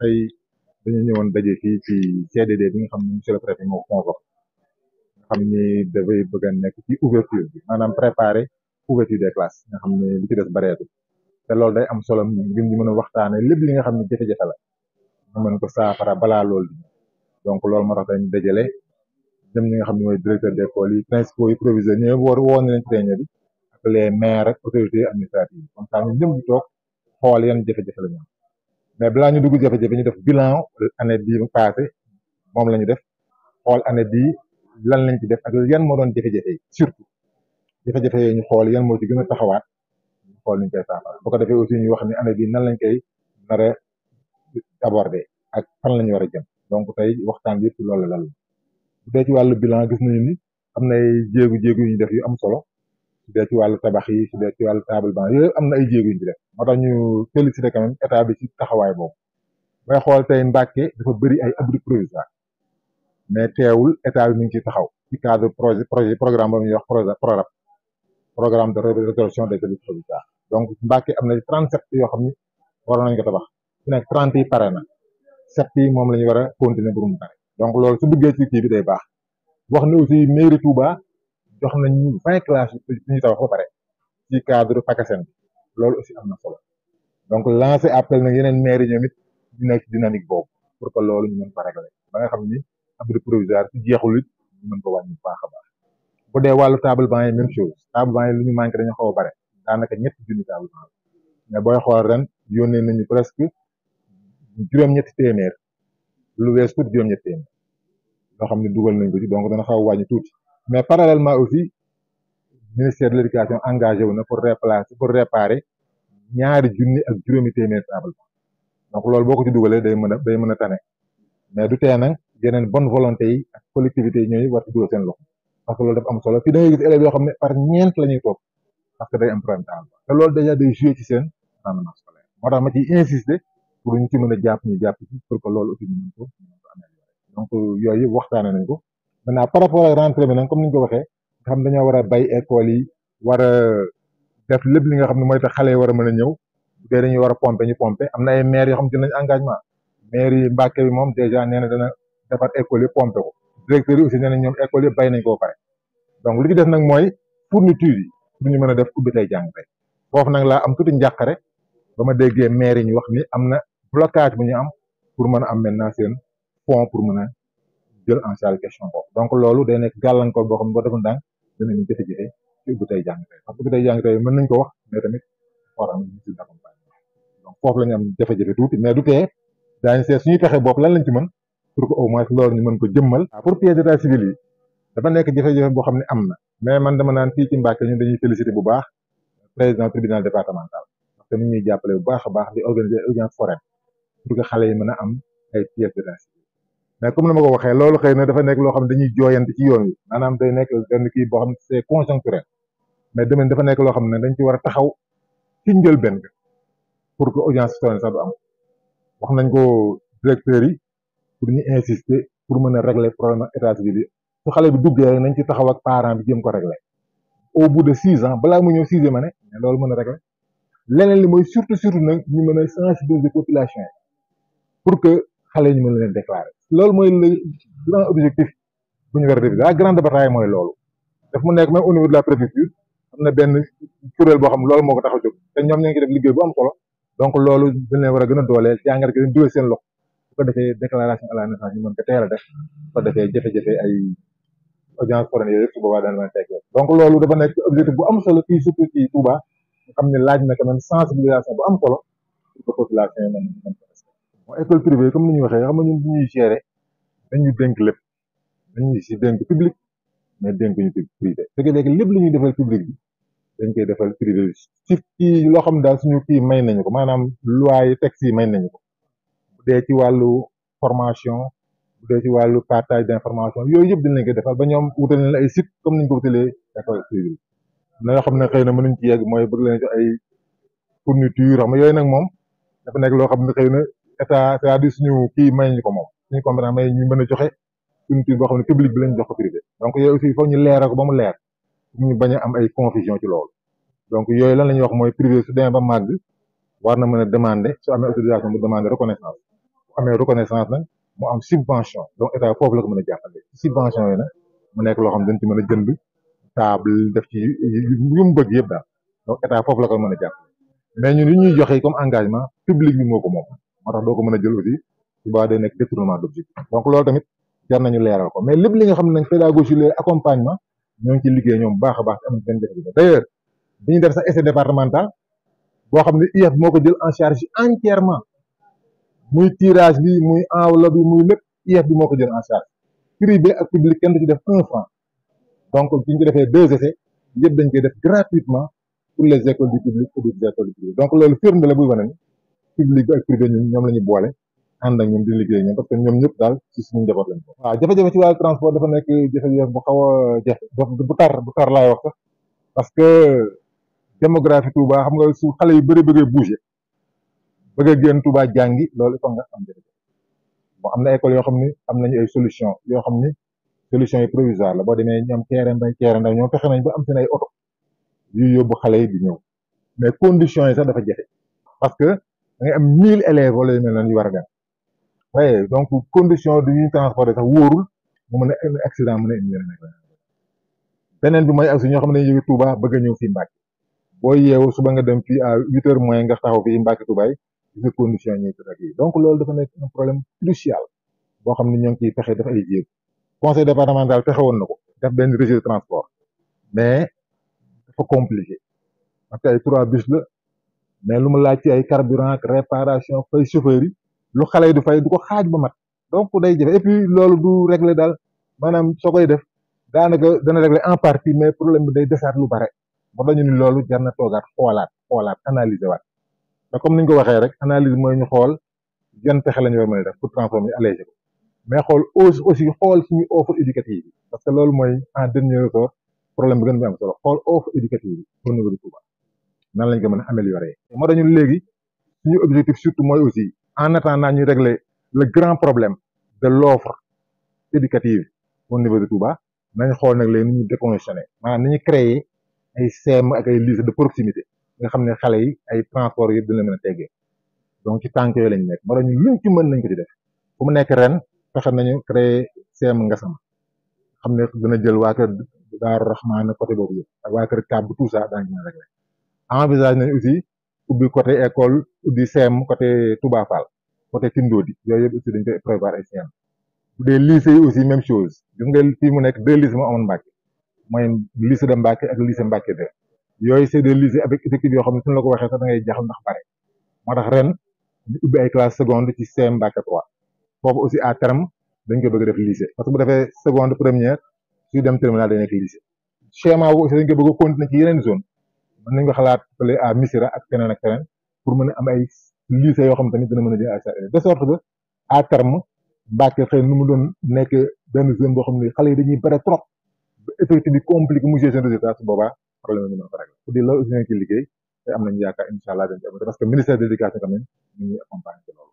tey dañu ñëwoon daje fii ci CDD bi nga xam ne monsieur le préfet moo convoqué nga xam ni dafay bëgg a nekk ci ouverture bi maanaam préparer ouverture de classes nga xam ne li ci des bareetul te loolu day am solo ngir ñu mën a waxtaanee lépp li nga xam ne jafe-jafe la mën ko saafara balaa loolu donc loolu moo tax dañ dajale dem ñi nga xam ne mooy directeur d'école yi principaux yi proviseurs ñëpp war woon nañ ci réunion bi ak les maires ak autorités administratives comme ça ñu xool yan jafe-jafe la mais balaa ñu dugg jafe-jafe ñu def bilan année bii mu passé moom la ñu def xool année bi lan lañ ci def ak yan moo doon jafe-jafe yi surtout jafe-jafe ñu xool yan moo ci gën a taxawaat ñu xool ñu koy saafara bu ko defee aussi ñu wax ni année bii nan lañ koy nar a aborder ak fan la ñu war a jëm donc tey waxtaan bi yëpp loolu la bu dee ci wàllu bilan gis nañu ni am nay jéegu jéegu yu ñu def yu am solo. su dee ci wàllu tabax yi su dee ci wàllu table banc yooyu am na ay jéego yu ci def moo tax ñu félicité quand même état bi ci taxawaay boobu bay xool tey Mbàkke dafa bëri ay abri provisoire mais teewul état bi mu ngi ciy taxaw ci cadre projet projet programme ba ñuy wax projet PRORAP programme de résolution des abris provisoires donc Mbàkke am na ci 37 yoo xam ni waroon nañ ko tabax su nekk 30 yi pare na 7 yi moom lañuy ñu war a continuer bu mu pare donc loolu su duggee ci kii baax jox nañ ñu vingt classes yu ñu tabax ba pare ci cadre PACASEN bi loolu aussi am na solo donc lancé appel na yeneen maires yi ñoom ñu nekk ci dynamique boobu pour que loolu ñu mën ko régler ba nga xam ni abri provisoire ci jeexul it ko wàññi bu baax a baax bu dee wàllu table banc yi même chose table banc yi lu ñu manqué dañu xaw a bare daanaka ñett junni mais booy xool ren yónnee nañu presque juróom-ñetti téeméer lu wees tuuti juróom-ñetti téeméer loo xam ne dugal nañ ko ci donc dana xaw a wàññi tuuti. mais parallèlement aussi ministère de l'éducation engagé wu na pour replacer pour réparer ñaari junni ak juróomi téeméer table donc loolu boo ko ci dugalee day mën a mën a tane mais du tee nag yeneen bon volonté yi ak collectivités yi ñooy war ci seen loxo parce que loolu dafa solo fii da xam ne par ñeent la ñuy toog que day am te loolu déjà day joué ci seen rendement scolaire moo tax ma pour ñu ci mën a jàpp ñu pour que loolu ko donc euh, yooyu waxtaane nañ ko maintenant par rapport ak rentrée bi nag comme ni ñu ko waxee nga xam dañoo war a bay école yi war a def lépp li nga xam ne mooy tax xale yi war a mën a ñëw bu dañuy war a pomper ñu am na ay maires yoo xam jël nañ engagement maire yi bi moom dèjà nee na dana defar école yi pomper ko directeur yi aussi nee na ñoom école yi bay nañ koo pare donc li ci def nag mooy fourniture yi pour ñu mën a def ubbi tey jàng tey foofu nag laa am tuuti njàqare ba ma déggee maire yi ñu wax ni am na blocage bu ñu am pour mën a am maintenant seen fond pour mën a jël en charge question boobu donc loolu day nekk gàllankoor boo xam ne boo defoon daan dina ñu tey jàng tey parce que tey mën nañ ko wax mais tamit war am foofu lañu am jafe-jafe tuuti mais du tee daañu seet suñuy pexe bopp lan lañ ci mën pour que au loolu ñu mën ko jëmmal ah, pour pièce d'état civil yi dafa nekk jafe-jafe boo xam ne am na mais man dama naan fii ci Mbacke ñun dañuy féliciter bu baax président tribunal départemental parce que mu ñuy jàppale bu baax a baax di organiser audience foraine pour que xale yi mën a am ay pièces d'état mais comme ni ma ko waxee loolu xëy na dafa nekk loo xam ne dañuy jooyante ci yoon wi maanaam day nekk benn kii boo xam ne c'est mais domaine dafa nekk loo xam ne dañ ci war a taxaw ci njëlbeen ga pour que audience citoyenne sax wax nañ ko directeurs yi pour ñu insister pour mën a régler problème état civil bi xale bi duggee rek nañ ci taxaw ak bi jéem ko régler au bout de six ans balaa mu ñëw sixième année mais loolu mën na régler leneen li mooy surtout surtout nag ñu mën a sensibiliser population yi xale ñu mën leen déclarer loolu mooy le grand objectif bu ñu war a la grande bataille mooy loolu daf mu nekk même am na benn boo xam loolu moo ko tax a jóg te ñoom ñoo ngi def bu am solo donc loolu dañ leen war a gën a dooleel jàngat ko seen loxo bu ko defee déclaration à la a def bu ko defee jafe-jafe ay audience foraine yooyu yëpp a teg donc loolu dafa nekk objectif bu am solo fii surtout ci Touba xam ne laaj na quand même sensibilisation bu am solo pour que école privée comme ni ñu waxee xam nga ñun bu ñuy gérer dañu dénk lépp dañuy si dénk public mais dénk ñu privé fekk lépp lu ñuy defal public bi dañ koy defal privé bi ci kii loo xam daal suñu kii may nañu ko maanaam loi yi texte yi may nañu ko dee ci wàllu formation bu dee ci wàllu partage d'information yooyu yëpp dinañ koy defal ba ñoom wutal nañ la ay site comme ko wutalee école privée na nga xam ne xëy na mënuñ ci yegg mooy bëgg leen jox ay fourniture xam nga yooyu nag moom dafa nekk loo xam ne xëy na état c'est-à-dire suñu kii may ñu ko moom suñu compétence may ñu mën a joxe suñu tur boo xam ne public bi lañ jox ko privé donc yooyu aussi foog ba mu leer ñu bañ a am ay confusion ci loolu donc yooyu lan la ñuy wax mooy privé su demee ba màgg war na mën a demander su amee autorisation mu demander reconnaissance bu amee reconnaissance nag mu am subvention donc état foofu la ko mën a jàppale subvention yi nag mu nekk loo xam dañ ci mën a jënd table def ci yu mu bëgg yëpp daal donc état foofu la ko mën a jàppale mais ñun li ñuy joxe comme engagement public bi moo k moom moo tax doo ko mën a jël aussi su baa day nekk détournement d'objectif donc loolu tamit jar nañu leeral ko mais lépp li nga xam ne nañ pédagogie le accompagnement ñoo ngi ci liggéey ñoom baax a baax am benn jafe-jafe d'ailleurs bi ñu def sax essai départemental boo xam ne IEF moo ko jël en charge entièrement muy tirage bi muy enveloppe bi muy lépp IEF bi moo ko jël en charge privé ak public kenn du def un franc donc bi ñu ko defee deux essais yëpp dañ koy def gratuitement pour les écoles du public ou des écoles du privé donc public bi ak privé ñun ñoom la ñu boole ànd ak ñoom di liggéey ñoom parce que ñoom ñëpp daal ci suñu njaboot lañ ko jafe-jafe ci wàllu transport dafa nekk jafe-jafe bu xaw a jafe bu tar bu tar laay wax sax parce que démographie Touba xam nga su xale yu bëri bëggee bouger bëgg a génn Touba jàngi loolu il faut nga am jafe-jafe na école yoo xam ni am nañu ay solution yoo xam ni solution yi provisoire la boo demee ñoom keere mbay keere ndaw ñoom fexe nañ ba am seen ay oto yu xale yi di ñëw mais conditions yi sax dafa da am mille élèves wala yu mel yu war a dem waaye donc condition du ñuy transporter sax wóorul mu mën a accident mën a indi yeneen beneen bi mooy accident ñoo xam ne dañuy jóge Touba bëgg a ñëw fii Mbacke boo yeewu suba nga dem fii a huit heures moins nga taxaw fii Mbacke Touba condition ñuy traité yi donc loolu dafa nekk un problème crucial boo xam ne ñoo ngi ciy fexe def ay jéego conseil départemental fexe woon na ko def benn réseau de transport mais dafa compliqué parce que ay trois bus la. mais lu mu laaj ci ay carburant ak réparation fay chauffeur yi lu xale yi du fay du ko xaaj ba mat donc day jafe et puis loolu daal maanaam soo koy def daanaka dana régler en partie mais problème bi day desaat lu bare moo dañu ni loolu jar na toogaat xoolaat xoolaat analyser waat mais comme ni ñu ko waxee rek analyse mooy ñu xool yan pexe la ñu war mën a def pour transformer alléger ko mais xool aussi aussi xool suñu offre éducative bi parce que loolu mooy en dernier ko problème bi gën bi am solo xool offre éducative bi au niveau du nan lañ ko mën a améliorer. moo tax ñun léegi suñu objectif surtout mooy aussi en attendant ñu régler le grand problème de l'offre éducative au niveau de Touba nañ xool nag léegi ni ñu décongestionné maanaam ni créer ay CEM ak ay lycée de proximité nga xam ne xale yi ay transport yëpp dina mën a teggee donc ci tànk yooyu lañ nekk moo tax luñ mën nañ ko ci def fu mu nekk ren fexe nañu créer CEM ngasam xam ne dina jël waa kër Daaru Rahman côté boobu yëpp ak waa kër Kab tout envisage nañu aussi ubbi côté école ubbi CM côté Touba Fall côté Tindodi yooyu yëpp aussi dañ koy prévoir ay CM bu dee lycée même chose gis nga fii mu nekk deux lycées moo amoon Mbacke mooy lycée de Mbacke ak lycée Mbacke 2 yooyu c'est des lycées avec effectif yoo xam ne suñu ko waxee sax da ngay jaxal ndax bare moo tax ren ñu ubbi ay classe seconde ci aussi à terme dañ ko bëgg def lycée parce que bu defee seconde première suy dem terminale day nekk lycée schéma dañ ko bëgg continuer ci yeneen zone mën nañ ko xalaat fële à Misira ak keneen ak keneen pour mën a am ay lycée yoo xam tamit dina mën a jël ay sa de sorte que à terme Mbàkke xëy nu mu doon nekk benn zone boo xam ne xale yi dañuy bare trop ba effectif bi compliqué mu seen résultat su boobaa problème bi mën ko régler pour di loolu aussi nañ ci liggéey te am nañu yaakaar incha allah dañ ci am parce que ministère de l'éducation quand même ñu ngi accompagné ci loolu